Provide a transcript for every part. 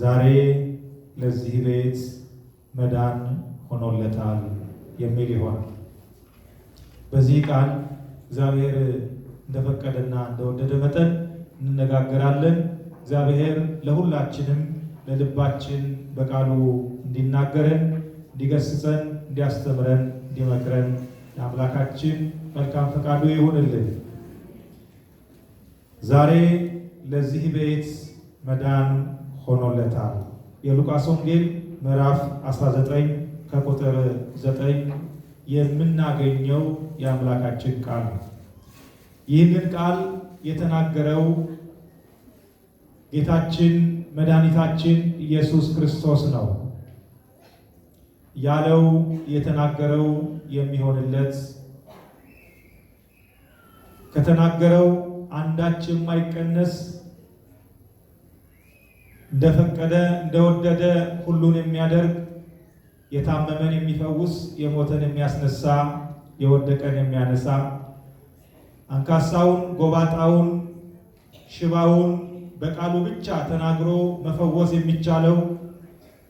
ዛሬ ለዚህ ቤት መዳን ሆኖለታል የሚል ይሆናል። በዚህ ቃል እግዚአብሔር እንደፈቀደና እንደወደደ መጠን እንነጋገራለን። እግዚአብሔር ለሁላችንም ለልባችን በቃሉ እንዲናገረን፣ እንዲገስጸን፣ እንዲያስተምረን፣ እንዲመክረን ለአምላካችን መልካም ፈቃዱ ይሁንልን። ዛሬ ለዚህ ቤት መዳን ሆኖለታል። የሉቃስ ወንጌል ምዕራፍ 19 ከቁጥር 9 የምናገኘው የአምላካችን ቃል ነው። ይህንን ቃል የተናገረው ጌታችን መድኃኒታችን ኢየሱስ ክርስቶስ ነው። ያለው የተናገረው የሚሆንለት ከተናገረው አንዳች የማይቀነስ እንደፈቀደ እንደወደደ ሁሉን የሚያደርግ የታመመን የሚፈውስ የሞተን የሚያስነሳ የወደቀን የሚያነሳ አንካሳውን፣ ጎባጣውን፣ ሽባውን በቃሉ ብቻ ተናግሮ መፈወስ የሚቻለው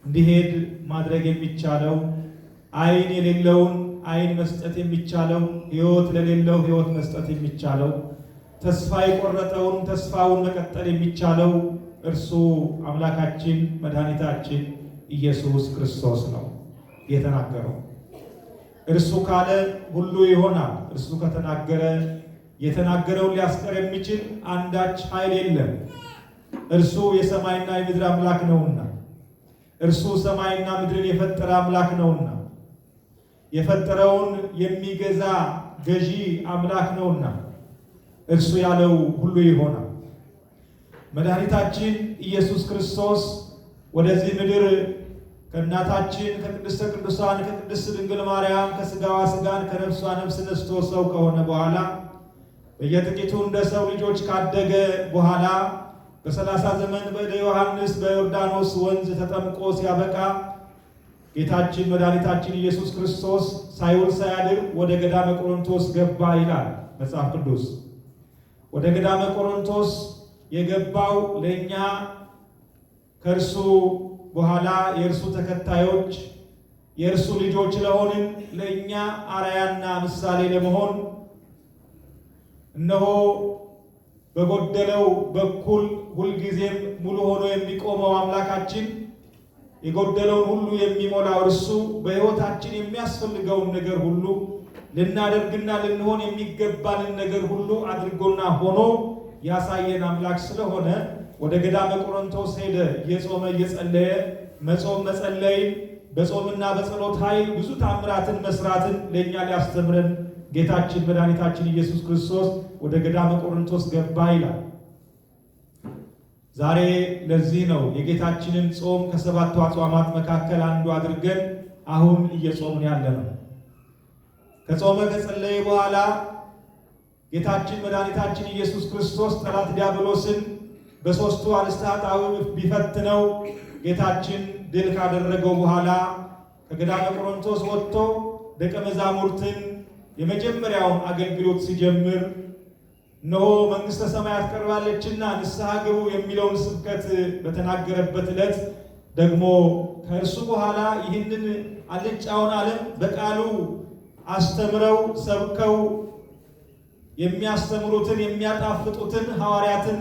እንዲሄድ ማድረግ የሚቻለው ዓይን የሌለውን ዓይን መስጠት የሚቻለው ሕይወት ለሌለው ሕይወት መስጠት የሚቻለው ተስፋ የቆረጠውን ተስፋውን መቀጠል የሚቻለው እርሱ አምላካችን መድኃኒታችን ኢየሱስ ክርስቶስ ነው የተናገረው። እርሱ ካለ ሁሉ ይሆናል። እርሱ ከተናገረ የተናገረውን ሊያስቀር የሚችል አንዳች ኃይል የለም። እርሱ የሰማይና የምድር አምላክ ነውና፣ እርሱ ሰማይና ምድርን የፈጠረ አምላክ ነውና፣ የፈጠረውን የሚገዛ ገዢ አምላክ ነውና፣ እርሱ ያለው ሁሉ ይሆናል። መድኃኒታችን ኢየሱስ ክርስቶስ ወደዚህ ምድር ከእናታችን ከቅድስተ ቅዱሳን ከቅድስት ድንግል ማርያም ከስጋዋ ስጋን ከነፍሷ ነፍስ ነስቶ ሰው ከሆነ በኋላ በየጥቂቱ እንደ ሰው ልጆች ካደገ በኋላ በሰላሳ ዘመን በደ ዮሐንስ በዮርዳኖስ ወንዝ ተጠምቆ ሲያበቃ ጌታችን መድኃኒታችን ኢየሱስ ክርስቶስ ሳይውል ሳያድር ወደ ገዳመ ቆሮንቶስ ገባ ይላል መጽሐፍ ቅዱስ። ወደ ገዳመ ቆሮንቶስ የገባው ለእኛ ከእርሱ በኋላ የእርሱ ተከታዮች የእርሱ ልጆች ለሆንን ለእኛ አርአያና ምሳሌ ለመሆን እነሆ በጎደለው በኩል ሁልጊዜም ሙሉ ሆኖ የሚቆመው አምላካችን የጎደለውን ሁሉ የሚሞላው እርሱ በሕይወታችን የሚያስፈልገውን ነገር ሁሉ ልናደርግና ልንሆን የሚገባንን ነገር ሁሉ አድርጎና ሆኖ ያሳየን አምላክ ስለሆነ ወደ ገዳመ ቆሮንቶስ ሄደ። እየጾመ እየጸለየ መጾም መጸለይ በጾምና በጸሎት ኃይል ብዙ ታምራትን መስራትን ለእኛ ሊያስተምረን ጌታችን መድኃኒታችን ኢየሱስ ክርስቶስ ወደ ገዳመ ቆሮንቶስ ገባ ይላል። ዛሬ ለዚህ ነው የጌታችንን ጾም ከሰባቱ አጽዋማት መካከል አንዱ አድርገን አሁን እየጾምን ያለ ነው። ከጾመ ከጸለየ በኋላ ጌታችን መድኃኒታችን ኢየሱስ ክርስቶስ ጠላት ዲያብሎስን በሦስቱ አንስተ ኃጣውእ ቢፈትነው ጌታችን ድል ካደረገው በኋላ ከገዳመ ቆሮንቶስ ወጥቶ ደቀ መዛሙርትን የመጀመሪያውን አገልግሎት ሲጀምር እነሆ መንግሥተ ሰማያት ቀርባለችና ንስሐ ግቡ የሚለውን ስብከት በተናገረበት ዕለት ደግሞ ከእርሱ በኋላ ይህንን አልጫውን ዓለም በቃሉ አስተምረው ሰብከው የሚያስተምሩትን የሚያጣፍጡትን ሐዋርያትን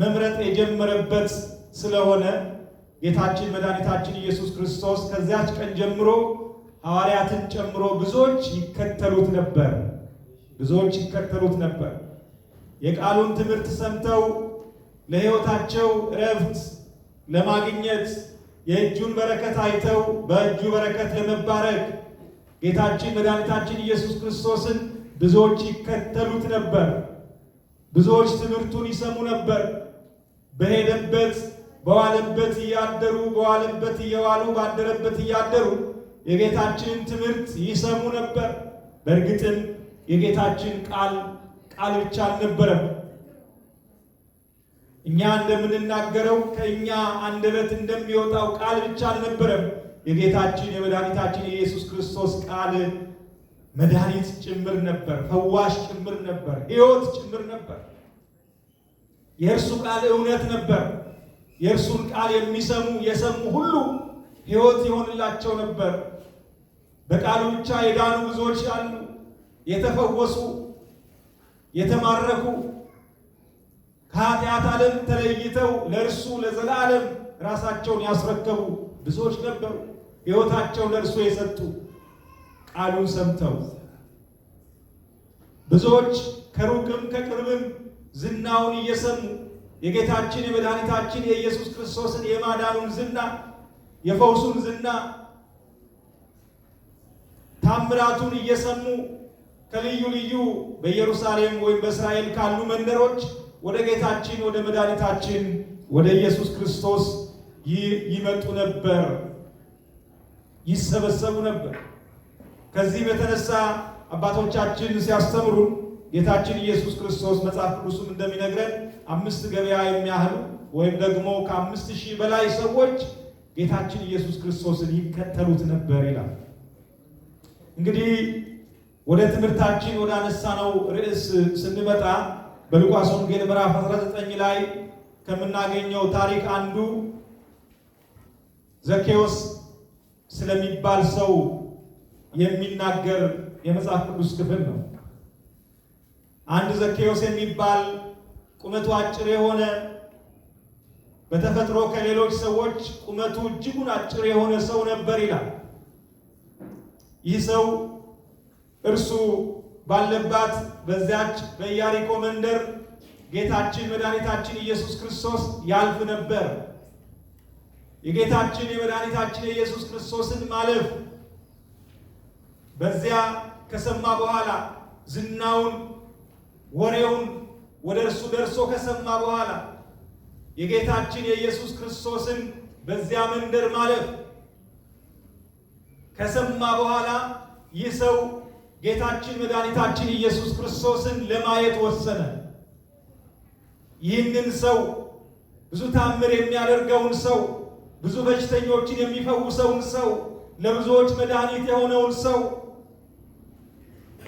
መምረጥ የጀመረበት ስለሆነ ጌታችን መድኃኒታችን ኢየሱስ ክርስቶስ ከዚያች ቀን ጀምሮ ሐዋርያትን ጨምሮ ብዙዎች ይከተሉት ነበር። ብዙዎች ይከተሉት ነበር። የቃሉን ትምህርት ሰምተው ለሕይወታቸው እረፍት ለማግኘት የእጁን በረከት አይተው በእጁ በረከት ለመባረክ ጌታችን መድኃኒታችን ኢየሱስ ክርስቶስን ብዙዎች ይከተሉት ነበር። ብዙዎች ትምህርቱን ይሰሙ ነበር። በሄደበት በዋለበት እያደሩ በዋለበት እየዋሉ ባደረበት እያደሩ የጌታችንን ትምህርት ይሰሙ ነበር። በእርግጥም የጌታችን ቃል ቃል ብቻ አልነበረም። እኛ እንደምንናገረው ከእኛ አንደበት እንደሚወጣው ቃል ብቻ አልነበረም። የጌታችን የመድኃኒታችን የኢየሱስ ክርስቶስ ቃል መድኃኒት ጭምር ነበር፣ ፈዋሽ ጭምር ነበር፣ ሕይወት ጭምር ነበር። የእርሱ ቃል እውነት ነበር። የእርሱን ቃል የሚሰሙ የሰሙ ሁሉ ሕይወት ይሆንላቸው ነበር። በቃሉ ብቻ የዳኑ ብዙዎች አሉ። የተፈወሱ፣ የተማረኩ ከኃጢአት ዓለም ተለይተው ለእርሱ ለዘላለም ራሳቸውን ያስረከቡ ብዙዎች ነበሩ። ሕይወታቸው ለእርሱ የሰጡ ቃሉን ሰምተው ብዙዎች ከሩቅም ከቅርብም ዝናውን እየሰሙ የጌታችን የመድኃኒታችን የኢየሱስ ክርስቶስን የማዳኑን ዝና የፈውሱን ዝና ታምራቱን እየሰሙ ከልዩ ልዩ በኢየሩሳሌም ወይም በእስራኤል ካሉ መንደሮች ወደ ጌታችን ወደ መድኃኒታችን ወደ ኢየሱስ ክርስቶስ ይመጡ ነበር፣ ይሰበሰቡ ነበር። ከዚህ በተነሳ አባቶቻችን ሲያስተምሩ ጌታችን ኢየሱስ ክርስቶስ መጽሐፍ ቅዱስም እንደሚነግረን አምስት ገበያ የሚያህሉ ወይም ደግሞ ከአምስት ሺህ በላይ ሰዎች ጌታችን ኢየሱስ ክርስቶስን ይከተሉት ነበር ይላል። እንግዲህ ወደ ትምህርታችን ወደ አነሳነው ርዕስ ስንመጣ በሉቃስ ወንጌል ምዕራፍ 19 ላይ ከምናገኘው ታሪክ አንዱ ዘኬዎስ ስለሚባል ሰው የሚናገር የመጽሐፍ ቅዱስ ክፍል ነው። አንድ ዘኬዎስ የሚባል ቁመቱ አጭር የሆነ በተፈጥሮ ከሌሎች ሰዎች ቁመቱ እጅጉን አጭር የሆነ ሰው ነበር ይላል። ይህ ሰው እርሱ ባለባት በዚያች በኢያሪኮ መንደር ጌታችን መድኃኒታችን ኢየሱስ ክርስቶስ ያልፍ ነበር። የጌታችን የመድኃኒታችን የኢየሱስ ክርስቶስን ማለፍ በዚያ ከሰማ በኋላ ዝናውን ወሬውን ወደ እርሱ ደርሶ ከሰማ በኋላ የጌታችን የኢየሱስ ክርስቶስን በዚያ መንደር ማለፍ ከሰማ በኋላ ይህ ሰው ጌታችን መድኃኒታችን ኢየሱስ ክርስቶስን ለማየት ወሰነ። ይህንን ሰው ብዙ ታምር የሚያደርገውን ሰው፣ ብዙ በሽተኞችን የሚፈውሰውን ሰው፣ ለብዙዎች መድኃኒት የሆነውን ሰው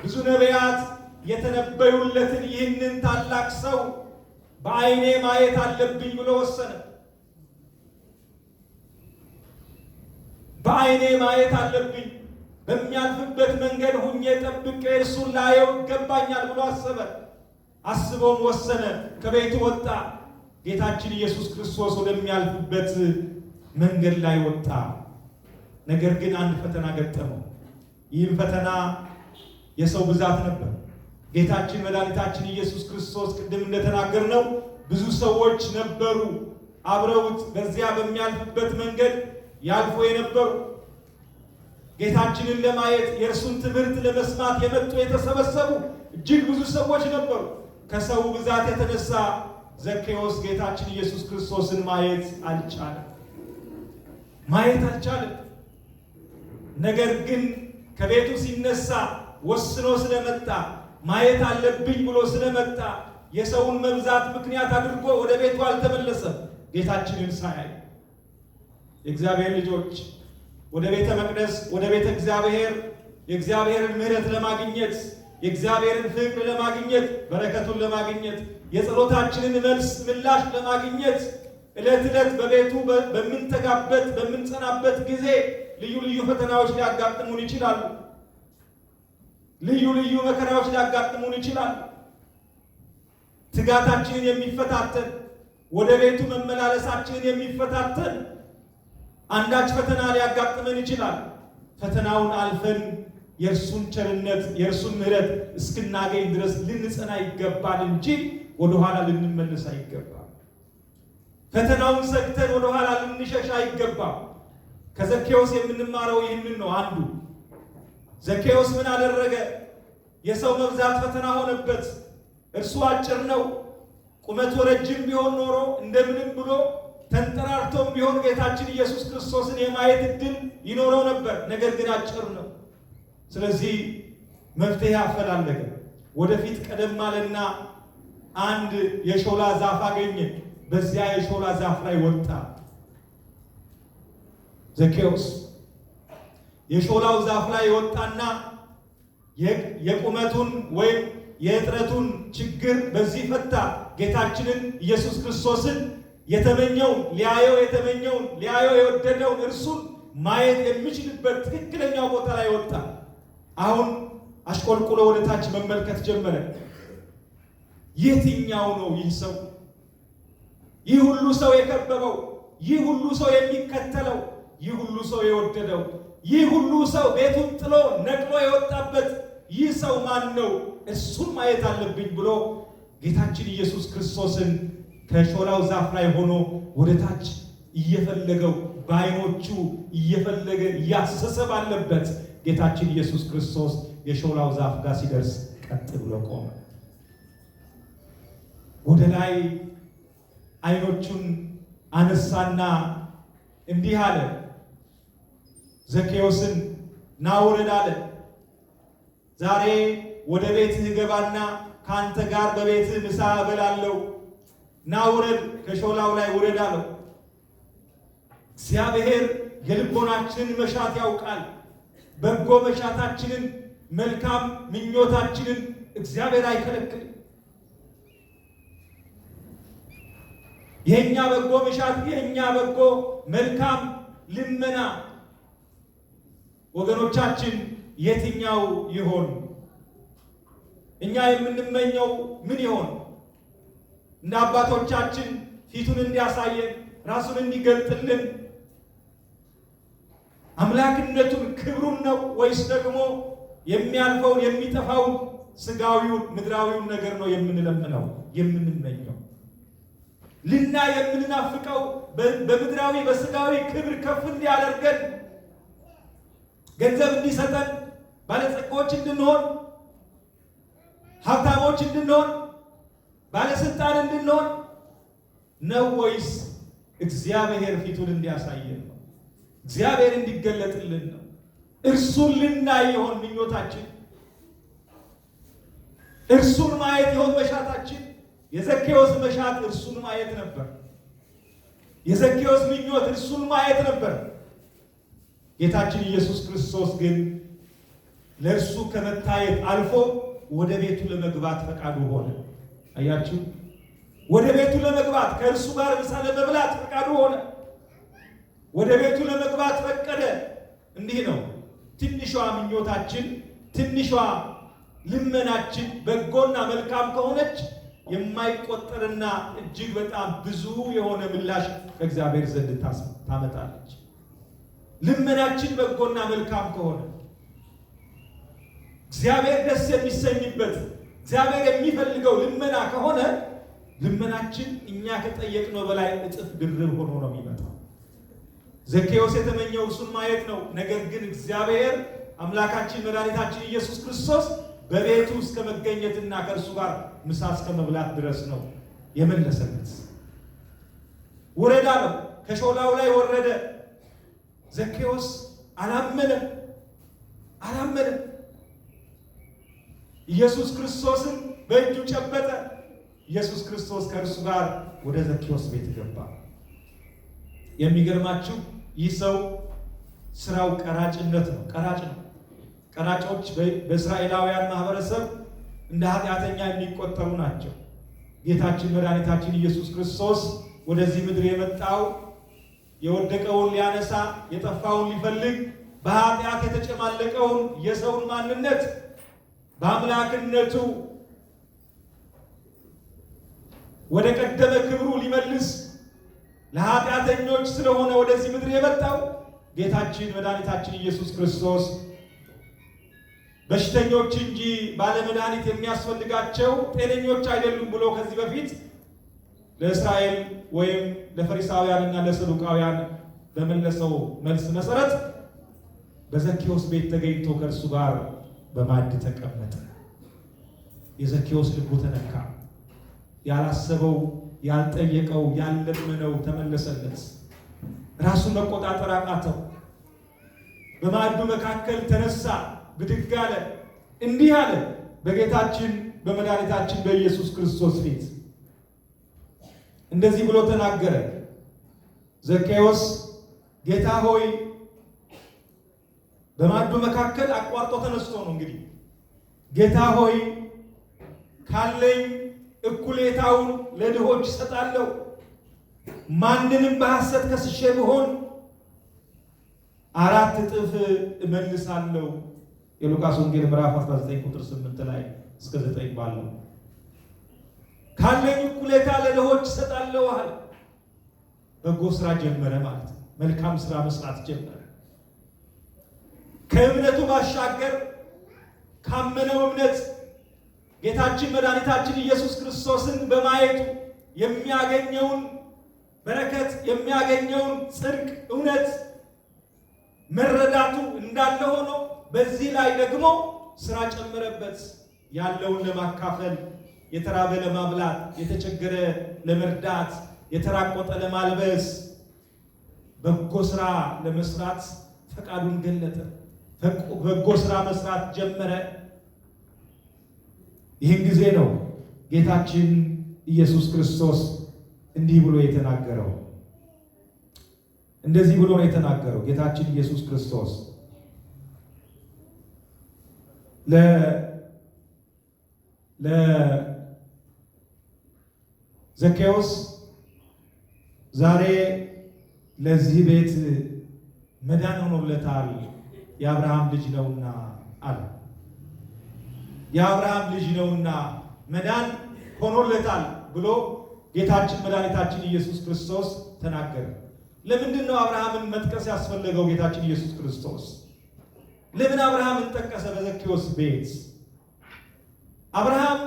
ብዙ ነቢያት የተነበዩለትን ይህንን ታላቅ ሰው በዓይኔ ማየት አለብኝ ብሎ ወሰነ። በዓይኔ ማየት አለብኝ፣ በሚያልፍበት መንገድ ሁኜ ጠብቄ እርሱን ላየው ይገባኛል ብሎ አሰበ። አስቦም ወሰነ። ከቤቱ ወጣ። ጌታችን ኢየሱስ ክርስቶስ ወደሚያልፍበት መንገድ ላይ ወጣ። ነገር ግን አንድ ፈተና ገጠመው። ይህም ፈተና የሰው ብዛት ነበር። ጌታችን መድኃኒታችን ኢየሱስ ክርስቶስ ቅድም ነው። ብዙ ሰዎች ነበሩ አብረውት በዚያ በሚያልፉበት መንገድ ያልፎ የነበሩ ጌታችንን ለማየት የእርሱን ትምህርት ለመስማት የመጡ የተሰበሰቡ እጅግ ብዙ ሰዎች ነበሩ። ከሰው ብዛት የተነሳ ዘኬዎስ ጌታችን ኢየሱስ ክርስቶስን ማየት አልቻለም፣ ማየት አልቻለም። ነገር ግን ከቤቱ ሲነሳ ወስኖ ስለመጣ ማየት አለብኝ ብሎ ስለመጣ የሰውን መብዛት ምክንያት አድርጎ ወደ ቤቱ አልተመለሰም። ጌታችንን ሳያይ የእግዚአብሔር ልጆች ወደ ቤተ መቅደስ ወደ ቤተ እግዚአብሔር የእግዚአብሔርን ምሕረት ለማግኘት የእግዚአብሔርን ፍቅር ለማግኘት በረከቱን ለማግኘት የጸሎታችንን መልስ ምላሽ ለማግኘት ዕለት ዕለት በቤቱ በምንተጋበት በምንጸናበት ጊዜ ልዩ ልዩ ፈተናዎች ሊያጋጥሙን ይችላሉ። ልዩ ልዩ መከራዎች ሊያጋጥሙን ይችላል። ትጋታችንን የሚፈታተን ወደ ቤቱ መመላለሳችንን የሚፈታተን አንዳች ፈተና ሊያጋጥመን ይችላል። ፈተናውን አልፈን የእርሱን ቸርነት የእርሱን ምሕረት እስክናገኝ ድረስ ልንጸና ይገባል እንጂ ወደኋላ ልንመለስ አይገባም። ፈተናውን ሰግተን ወደኋላ ልንሸሽ አይገባም። ከዘኬዎስ የምንማረው ይህንን ነው አንዱ ዘኬዎስ ምን አደረገ? የሰው መብዛት ፈተና ሆነበት። እርሱ አጭር ነው፣ ቁመቱ ረጅም ቢሆን ኖሮ እንደምንም ብሎ ተንጠራርቶም ቢሆን ጌታችን ኢየሱስ ክርስቶስን የማየት እድል ይኖረው ነበር። ነገር ግን አጭር ነው። ስለዚህ መፍትሄ አፈላለገ። ወደፊት ቀደም አለና አንድ የሾላ ዛፍ አገኘ። በዚያ የሾላ ዛፍ ላይ ወጣ ዘኬዎስ የሾላው ዛፍ ላይ የወጣና የቁመቱን ወይም የእጥረቱን ችግር በዚህ ፈታ ጌታችንን ኢየሱስ ክርስቶስን የተመኘውን ሊያየው የተመኘውን ሊያየው የወደደውን እርሱን ማየት የሚችልበት ትክክለኛው ቦታ ላይ ወጣ። አሁን አሽቆልቁሎ ወደ ታች መመልከት ጀመረ። የትኛው ነው ይህ ሰው? ይህ ሁሉ ሰው የከበበው፣ ይህ ሁሉ ሰው የሚከተለው፣ ይህ ሁሉ ሰው የወደደው ይህ ሁሉ ሰው ቤቱን ጥሎ ነቅሎ የወጣበት ይህ ሰው ማን ነው? እሱን ማየት አለብኝ ብሎ ጌታችን ኢየሱስ ክርስቶስን ከሾላው ዛፍ ላይ ሆኖ ወደ ታች እየፈለገው በአይኖቹ እየፈለገ እያሰሰ ባለበት ጌታችን ኢየሱስ ክርስቶስ የሾላው ዛፍ ጋር ሲደርስ ቀጥ ብሎ ቆመ። ወደ ላይ አይኖቹን አነሳና እንዲህ አለ ዘኬዎስን ናውረድ አለ። ዛሬ ወደ ቤትህ ገባና ከአንተ ጋር በቤትህ ምሳ እበላለሁ። ናውረድ ከሾላው ላይ ውረድ አለው። እግዚአብሔር የልቦናችንን መሻት ያውቃል። በጎ መሻታችንን፣ መልካም ምኞታችንን እግዚአብሔር አይከለክልም። የእኛ በጎ መሻት፣ የእኛ በጎ መልካም ልመና ወገኖቻችን የትኛው ይሆን? እኛ የምንመኘው ምን ይሆን? እንደ አባቶቻችን ፊቱን እንዲያሳየን ራሱን እንዲገልጥልን አምላክነቱን ክብሩን ነው ወይስ ደግሞ የሚያልፈውን የሚጠፋውን ስጋዊውን ምድራዊውን ነገር ነው የምንለምነው የምንመኘው? ልና የምንናፍቀው በምድራዊ በስጋዊ ክብር ከፍ እንዲያደርገን ገንዘብ እንዲሰጠን፣ ባለጸጋዎች እንድንሆን፣ ሀብታሞች እንድንሆን፣ ባለስልጣን እንድንሆን ነው ወይስ እግዚአብሔር ፊቱን እንዲያሳየን ነው? እግዚአብሔር እንዲገለጥልን ነው? እርሱን ልናይ ይሆን ምኞታችን? እርሱን ማየት ይሆን መሻታችን? የዘኬዎስ መሻት እርሱን ማየት ነበር። የዘኬዎስ ምኞት እርሱን ማየት ነበር። ጌታችን ኢየሱስ ክርስቶስ ግን ለእርሱ ከመታየት አልፎ ወደ ቤቱ ለመግባት ፈቃዱ ሆነ። አያችሁ፣ ወደ ቤቱ ለመግባት ከእርሱ ጋር ምሳ ለመብላት ፈቃዱ ሆነ። ወደ ቤቱ ለመግባት ፈቀደ። እንዲህ ነው ትንሿ ምኞታችን፣ ትንሿ ልመናችን በጎና መልካም ከሆነች የማይቆጠርና እጅግ በጣም ብዙ የሆነ ምላሽ ከእግዚአብሔር ዘንድ ታመጣለች። ልመናችን በጎና መልካም ከሆነ እግዚአብሔር ደስ የሚሰኝበት እግዚአብሔር የሚፈልገው ልመና ከሆነ ልመናችን እኛ ከጠየቅነው በላይ እጥፍ ድርብ ሆኖ ነው የሚመጣው። ዘኬዎስ የተመኘው እሱን ማየት ነው። ነገር ግን እግዚአብሔር አምላካችን መድኃኒታችን ኢየሱስ ክርስቶስ በቤቱ እስከ መገኘትና ከእርሱ ጋር ምሳ እስከ መብላት ድረስ ነው የመለሰለት። ውረዳ ነው፣ ከሾላው ላይ ወረደ። ዘኬዎስ አላመነም አላመነም። ኢየሱስ ክርስቶስን በእጁ ጨበጠ። ኢየሱስ ክርስቶስ ከእርሱ ጋር ወደ ዘኬዎስ ቤት ገባ። የሚገርማችሁ ይህ ሰው ስራው ቀራጭነት ነው። ቀራጭ ነው። ቀራጮች በእስራኤላውያን ማህበረሰብ እንደ ኃጢአተኛ የሚቆጠሩ ናቸው። ጌታችን መድኃኒታችን ኢየሱስ ክርስቶስ ወደዚህ ምድር የመጣው የወደቀውን ሊያነሳ የጠፋውን ሊፈልግ በኃጢአት የተጨማለቀውን የሰውን ማንነት በአምላክነቱ ወደ ቀደመ ክብሩ ሊመልስ ለኃጢአተኞች ስለሆነ ወደዚህ ምድር የመጣው ጌታችን መድኃኒታችን ኢየሱስ ክርስቶስ በሽተኞች እንጂ ባለመድኃኒት የሚያስፈልጋቸው ጤነኞች አይደሉም ብሎ ከዚህ በፊት ለእስራኤል ወይም ለፈሪሳውያን እና ለሰዱቃውያን በመለሰው መልስ መሰረት በዘኬዎስ ቤት ተገኝቶ ከእርሱ ጋር በማዕድ ተቀመጠ። የዘኬዎስ ልቡ ተነካ። ያላሰበው፣ ያልጠየቀው፣ ያልለመነው ተመለሰለት። ራሱን መቆጣጠር አቃተው። በማዕዱ መካከል ተነሳ፣ ብድግ አለ፣ እንዲህ አለ፦ በጌታችን በመድኃኒታችን በኢየሱስ ክርስቶስ ፊት እንደዚህ ብሎ ተናገረ። ዘኬዎስ ጌታ ሆይ በማዱ መካከል አቋርጦ ተነስቶ ነው እንግዲህ ጌታ ሆይ ካለኝ እኩሌታውን ለድሆች እሰጣለሁ። ማንንም በሐሰት ከስሼ ብሆን አራት እጥፍ እመልሳለሁ። የሉቃስ ወንጌል ምዕራፍ 19 ቁጥር 8 ላይ እስከ 9 ባለው ካለኝ እኩሌታ ለድሆች እሰጣለሁ አለ። በጎ ስራ ጀመረ ማለት ነው። መልካም ስራ መስራት ጀመረ። ከእምነቱ ባሻገር ካመነው እምነት ጌታችን መድኃኒታችን ኢየሱስ ክርስቶስን በማየቱ የሚያገኘውን በረከት የሚያገኘውን ጽድቅ፣ እውነት መረዳቱ እንዳለ ሆኖ በዚህ ላይ ደግሞ ስራ ጨመረበት ያለውን ለማካፈል የተራበ ለማብላት፣ የተቸገረ ለመርዳት፣ የተራቆጠ ለማልበስ፣ በጎ ስራ ለመስራት ፈቃዱን ገለጠ። በጎ ስራ መስራት ጀመረ። ይህን ጊዜ ነው ጌታችን ኢየሱስ ክርስቶስ እንዲህ ብሎ የተናገረው። እንደዚህ ብሎ ነው የተናገረው ጌታችን ኢየሱስ ክርስቶስ ለ ዘኬዎስ ዛሬ ለዚህ ቤት መዳን ሆኖለታል፣ የአብርሃም ልጅ ነውና አለ። የአብርሃም ልጅ ነውና መዳን ሆኖለታል ብሎ ጌታችን መድኃኒታችን ኢየሱስ ክርስቶስ ተናገረ። ለምንድን ነው አብርሃምን መጥቀስ ያስፈለገው? ጌታችን ኢየሱስ ክርስቶስ ለምን አብርሃምን ጠቀሰ? በዘኬዎስ ቤት አብርሃም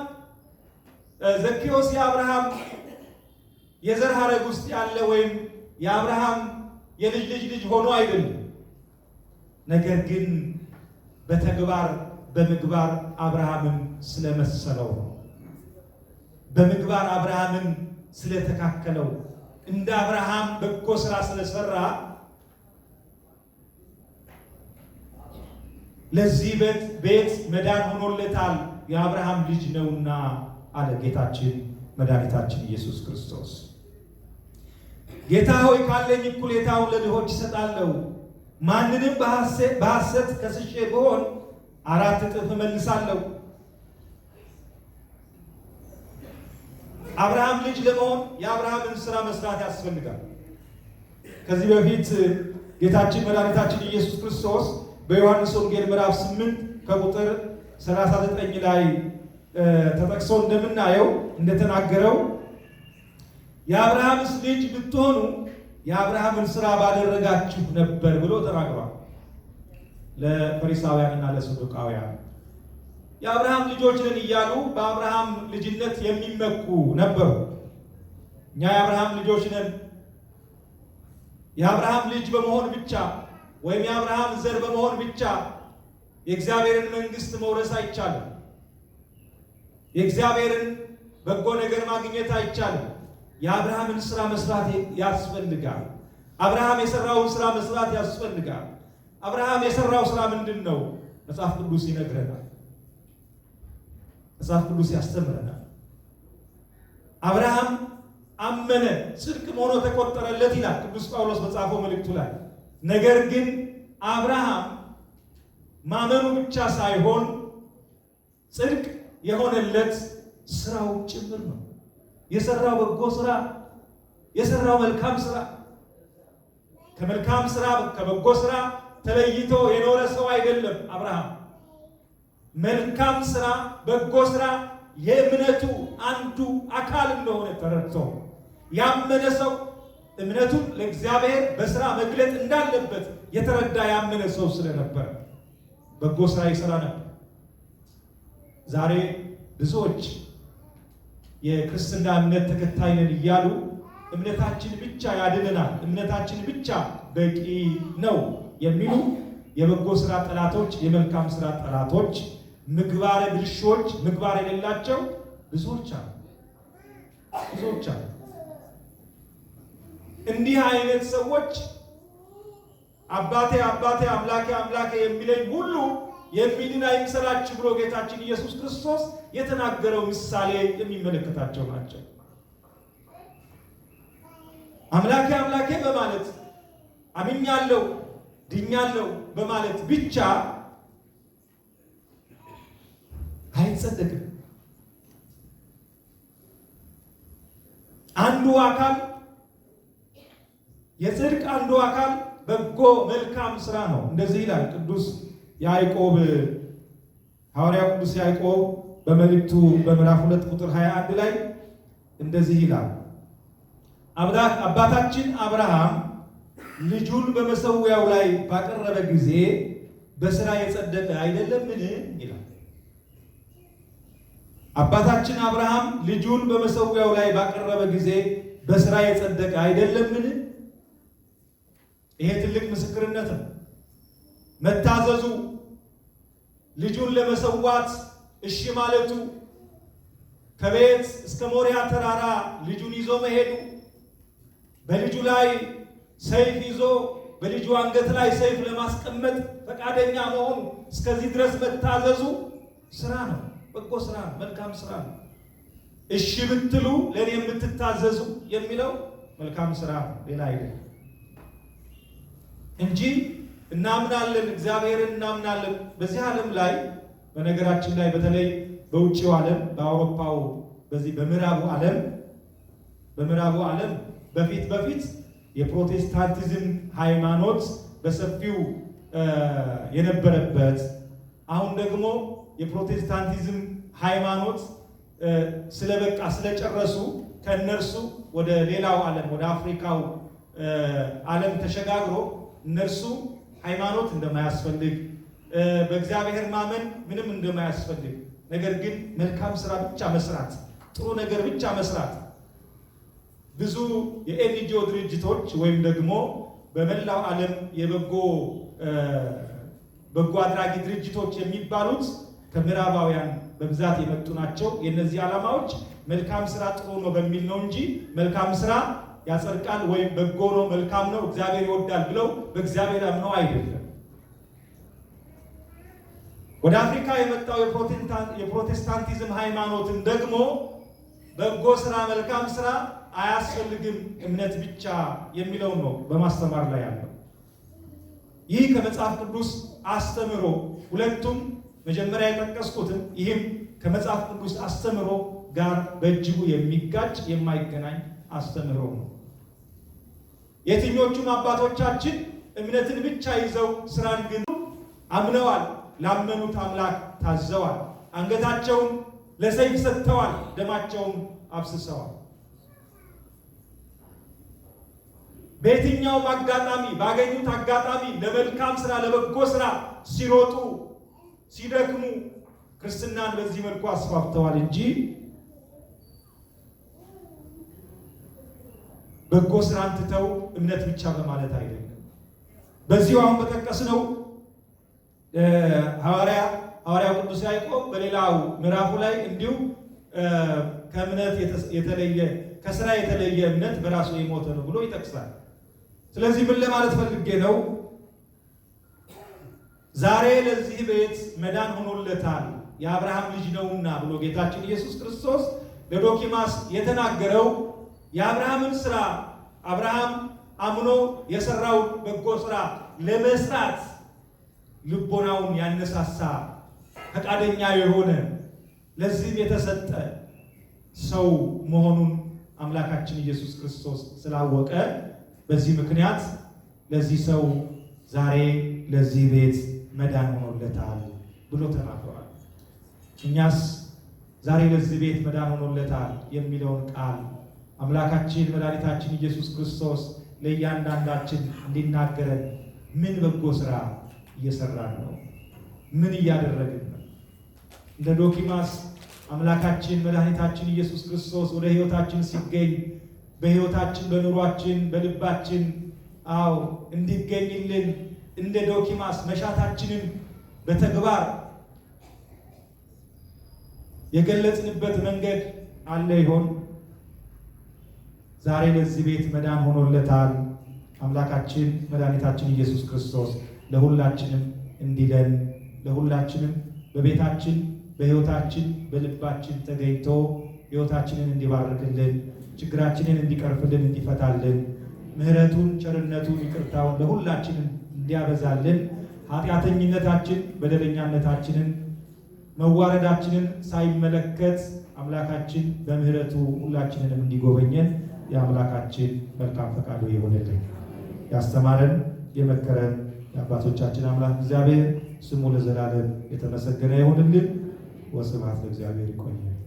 ዘኪዎስ የአብርሃም የዘር ሐረግ ውስጥ ያለ ወይም የአብርሃም የልጅ ልጅ ልጅ ሆኖ አይደለም። ነገር ግን በተግባር በምግባር አብርሃምን ስለመሰለው በምግባር አብርሃምን ስለተካከለው እንደ አብርሃም በጎ ስራ ስለሰራ ለዚህ ቤት ቤት መዳን ሆኖለታል፣ የአብርሃም ልጅ ነውና አለ ጌታችን መድኃኒታችን ኢየሱስ ክርስቶስ። ጌታ ሆይ ካለኝ እኩሌታውን ለድሆች እሰጣለሁ፣ ማንንም በሐሰት ከስሼ ብሆን አራት እጥፍ እመልሳለሁ። አብርሃም ልጅ ለመሆን የአብርሃምን ስራ መስራት ያስፈልጋል። ከዚህ በፊት ጌታችን መድኃኒታችን ኢየሱስ ክርስቶስ በዮሐንስ ወንጌል ምዕራፍ 8 ከቁጥር 39 ላይ ተጠቅሶ እንደምናየው እንደተናገረው የአብርሃምስ ልጅ ብትሆኑ የአብርሃምን ስራ ባደረጋችሁ ነበር ብሎ ተናግሯል። ለፈሪሳውያንና ለሰዱቃውያን የአብርሃም ልጆች ነን እያሉ በአብርሃም ልጅነት የሚመኩ ነበሩ። እኛ የአብርሃም ልጆች ነን፣ የአብርሃም ልጅ በመሆን ብቻ ወይም የአብርሃም ዘር በመሆን ብቻ የእግዚአብሔርን መንግስት መውረስ አይቻልም። የእግዚአብሔርን በጎ ነገር ማግኘት አይቻልም። የአብርሃምን ስራ መስራት ያስፈልጋል። አብርሃም የሰራውን ስራ መስራት ያስፈልጋል። አብርሃም የሰራው ስራ ምንድን ነው? መጽሐፍ ቅዱስ ይነግረናል። መጽሐፍ ቅዱስ ያስተምረናል። አብርሃም አመነ ጽድቅ ሆኖ ተቆጠረለት ይላል ቅዱስ ጳውሎስ በጻፈው መልእክቱ ላይ። ነገር ግን አብርሃም ማመኑ ብቻ ሳይሆን ጽድቅ የሆነለት ስራው ጭምር ነው። የሰራው በጎ ስራ፣ የሰራው መልካም ስራ ከመልካም ስራ ከበጎ ስራ ተለይቶ የኖረ ሰው አይደለም አብርሃም። መልካም ስራ፣ በጎ ስራ የእምነቱ አንዱ አካል እንደሆነ ተረድቶ ያመነ ሰው እምነቱን ለእግዚአብሔር በስራ መግለጥ እንዳለበት የተረዳ ያመነ ሰው ስለነበር በጎ ስራ ይሰራ ነበር። ዛሬ ብዙዎች የክርስትና እምነት ተከታይ ነን እያሉ እምነታችን ብቻ ያድነናል፣ እምነታችን ብቻ በቂ ነው የሚሉ የበጎ ስራ ጠላቶች፣ የመልካም ስራ ጠላቶች፣ ምግባረ ድርሾች፣ ምግባር የሌላቸው ብዙዎች አሉ ብዙዎች አሉ። እንዲህ አይነት ሰዎች አባቴ አባቴ አምላኬ አምላኬ የሚለኝ ሁሉ የሚድን አይምሰላችሁ ብሎ ጌታችን ኢየሱስ ክርስቶስ የተናገረው ምሳሌ የሚመለከታቸው ናቸው። አምላኬ አምላኬ በማለት አምኛለሁ፣ ድኛለሁ በማለት ብቻ አይጸደቅም። አንዱ አካል የጽድቅ አንዱ አካል በጎ መልካም ስራ ነው። እንደዚህ ይላል ቅዱስ ያዕቆብ ሐዋርያ ቅዱስ ያዕቆብ በመልእክቱ በምዕራፍ 2 ቁጥር 21 ላይ እንደዚህ ይላል አባታችን አብርሃም ልጁን በመሰዊያው ላይ ባቀረበ ጊዜ በስራ የጸደቀ አይደለምን? ይላል። አባታችን አብርሃም ልጁን በመሰዊያው ላይ ባቀረበ ጊዜ በስራ የጸደቀ አይደለምን? ይሄ ትልቅ ምስክርነት ነው። መታዘዙ፣ ልጁን ለመሰዋት እሺ ማለቱ፣ ከቤት እስከ ሞሪያ ተራራ ልጁን ይዞ መሄዱ፣ በልጁ ላይ ሰይፍ ይዞ በልጁ አንገት ላይ ሰይፍ ለማስቀመጥ ፈቃደኛ መሆኑ፣ እስከዚህ ድረስ መታዘዙ ስራ ነው። በጎ ስራ ነው። መልካም ስራ ነው። እሺ ብትሉ ለእኔ የምትታዘዙ የሚለው መልካም ስራ ነው፣ ሌላ አይደለም እንጂ እናምናለን፣ እግዚአብሔርን እናምናለን። በዚህ ዓለም ላይ በነገራችን ላይ በተለይ በውጭው ዓለም በአውሮፓው በዚህ በምዕራቡ ዓለም በምዕራቡ ዓለም በፊት በፊት የፕሮቴስታንቲዝም ሃይማኖት በሰፊው የነበረበት አሁን ደግሞ የፕሮቴስታንቲዝም ሃይማኖት ስለበቃ ስለጨረሱ ከእነርሱ ወደ ሌላው ዓለም ወደ አፍሪካው ዓለም ተሸጋግሮ እነርሱ ሃይማኖት እንደማያስፈልግ በእግዚአብሔር ማመን ምንም እንደማያስፈልግ፣ ነገር ግን መልካም ስራ ብቻ መስራት፣ ጥሩ ነገር ብቻ መስራት። ብዙ የኤንጂኦ ድርጅቶች ወይም ደግሞ በመላው ዓለም የበጎ በጎ አድራጊ ድርጅቶች የሚባሉት ከምዕራባውያን በብዛት የመጡ ናቸው። የእነዚህ ዓላማዎች መልካም ስራ ጥሩ ነው በሚል ነው እንጂ መልካም ስራ ያጸድቃል ወይም በጎ ነው፣ መልካም ነው፣ እግዚአብሔር ይወዳል ብለው በእግዚአብሔር አምነው አይደለም። ወደ አፍሪካ የመጣው የፕሮቴስታንቲዝም ሃይማኖትን ደግሞ በጎ ስራ፣ መልካም ስራ አያስፈልግም፣ እምነት ብቻ የሚለው ነው በማስተማር ላይ ያለው። ይህ ከመጽሐፍ ቅዱስ አስተምሮ ሁለቱም መጀመሪያ የጠቀስኩትን ይህም ከመጽሐፍ ቅዱስ አስተምሮ ጋር በእጅጉ የሚጋጭ የማይገናኝ አስተምሮ ነው። የትኞቹም አባቶቻችን እምነትን ብቻ ይዘው ስራን ግን አምነዋል። ላመኑት አምላክ ታዘዋል። አንገታቸውን ለሰይፍ ሰጥተዋል። ደማቸውን አብስሰዋል። በየትኛውም አጋጣሚ ባገኙት አጋጣሚ ለመልካም ስራ ለበጎ ስራ ሲሮጡ ሲደክሙ ክርስትናን በዚህ መልኩ አስፋፍተዋል እንጂ በጎ ስራን ትተው እምነት ብቻ በማለት አይደለም። በዚሁ አሁን በጠቀስነው ሐዋርያ ሐዋርያ ቅዱስ ያዕቆብ በሌላው ምዕራፉ ላይ እንዲሁ ከእምነት የተለየ ከስራ የተለየ እምነት በራሱ የሞተ ነው ብሎ ይጠቅሳል። ስለዚህ ምን ለማለት ፈልጌ ነው? ዛሬ ለዚህ ቤት መዳን ሆኖለታል የአብርሃም ልጅ ነውና ብሎ ጌታችን ኢየሱስ ክርስቶስ ለዶኪማስ የተናገረው የአብርሃምን ስራ አብርሃም አምኖ የሰራው በጎ ስራ ለመስራት ልቦናውን ያነሳሳ ፈቃደኛ የሆነ ለዚህም የተሰጠ ሰው መሆኑን አምላካችን ኢየሱስ ክርስቶስ ስላወቀ በዚህ ምክንያት ለዚህ ሰው ዛሬ ለዚህ ቤት መዳን ሆኖለታል ብሎ ተናግሯል። እኛስ ዛሬ ለዚህ ቤት መዳን ሆኖለታል የሚለውን ቃል አምላካችን መድኃኒታችን ኢየሱስ ክርስቶስ ለእያንዳንዳችን እንዲናገረን ምን በጎ ስራ እየሰራን ነው? ምን እያደረግን ነው? እንደ ዶኪማስ አምላካችን መድኃኒታችን ኢየሱስ ክርስቶስ ወደ ህይወታችን ሲገኝ በህይወታችን በኑሯችን፣ በልባችን አዎ እንዲገኝልን እንደ ዶኪማስ መሻታችንን በተግባር የገለጽንበት መንገድ አለ ይሆን? ዛሬ ለዚህ ቤት መዳን ሆኖለታል። አምላካችን መድኃኒታችን ኢየሱስ ክርስቶስ ለሁላችንም እንዲለን ለሁላችንም በቤታችን በሕይወታችን በልባችን ተገኝቶ ሕይወታችንን እንዲባርክልን ችግራችንን እንዲቀርፍልን እንዲፈታልን ምሕረቱን ቸርነቱን ይቅርታውን ለሁላችንም እንዲያበዛልን ኃጢአተኝነታችን በደለኛነታችንን መዋረዳችንን ሳይመለከት አምላካችን በምሕረቱ ሁላችንንም እንዲጎበኘን የአምላካችን መልካም ፈቃዱ የሆነልን ያስተማረን የመከረን የአባቶቻችን አምላክ እግዚአብሔር ስሙ ለዘላለም የተመሰገነ የሆንልን ወስብሐት ለእግዚአብሔር። ይቆያል።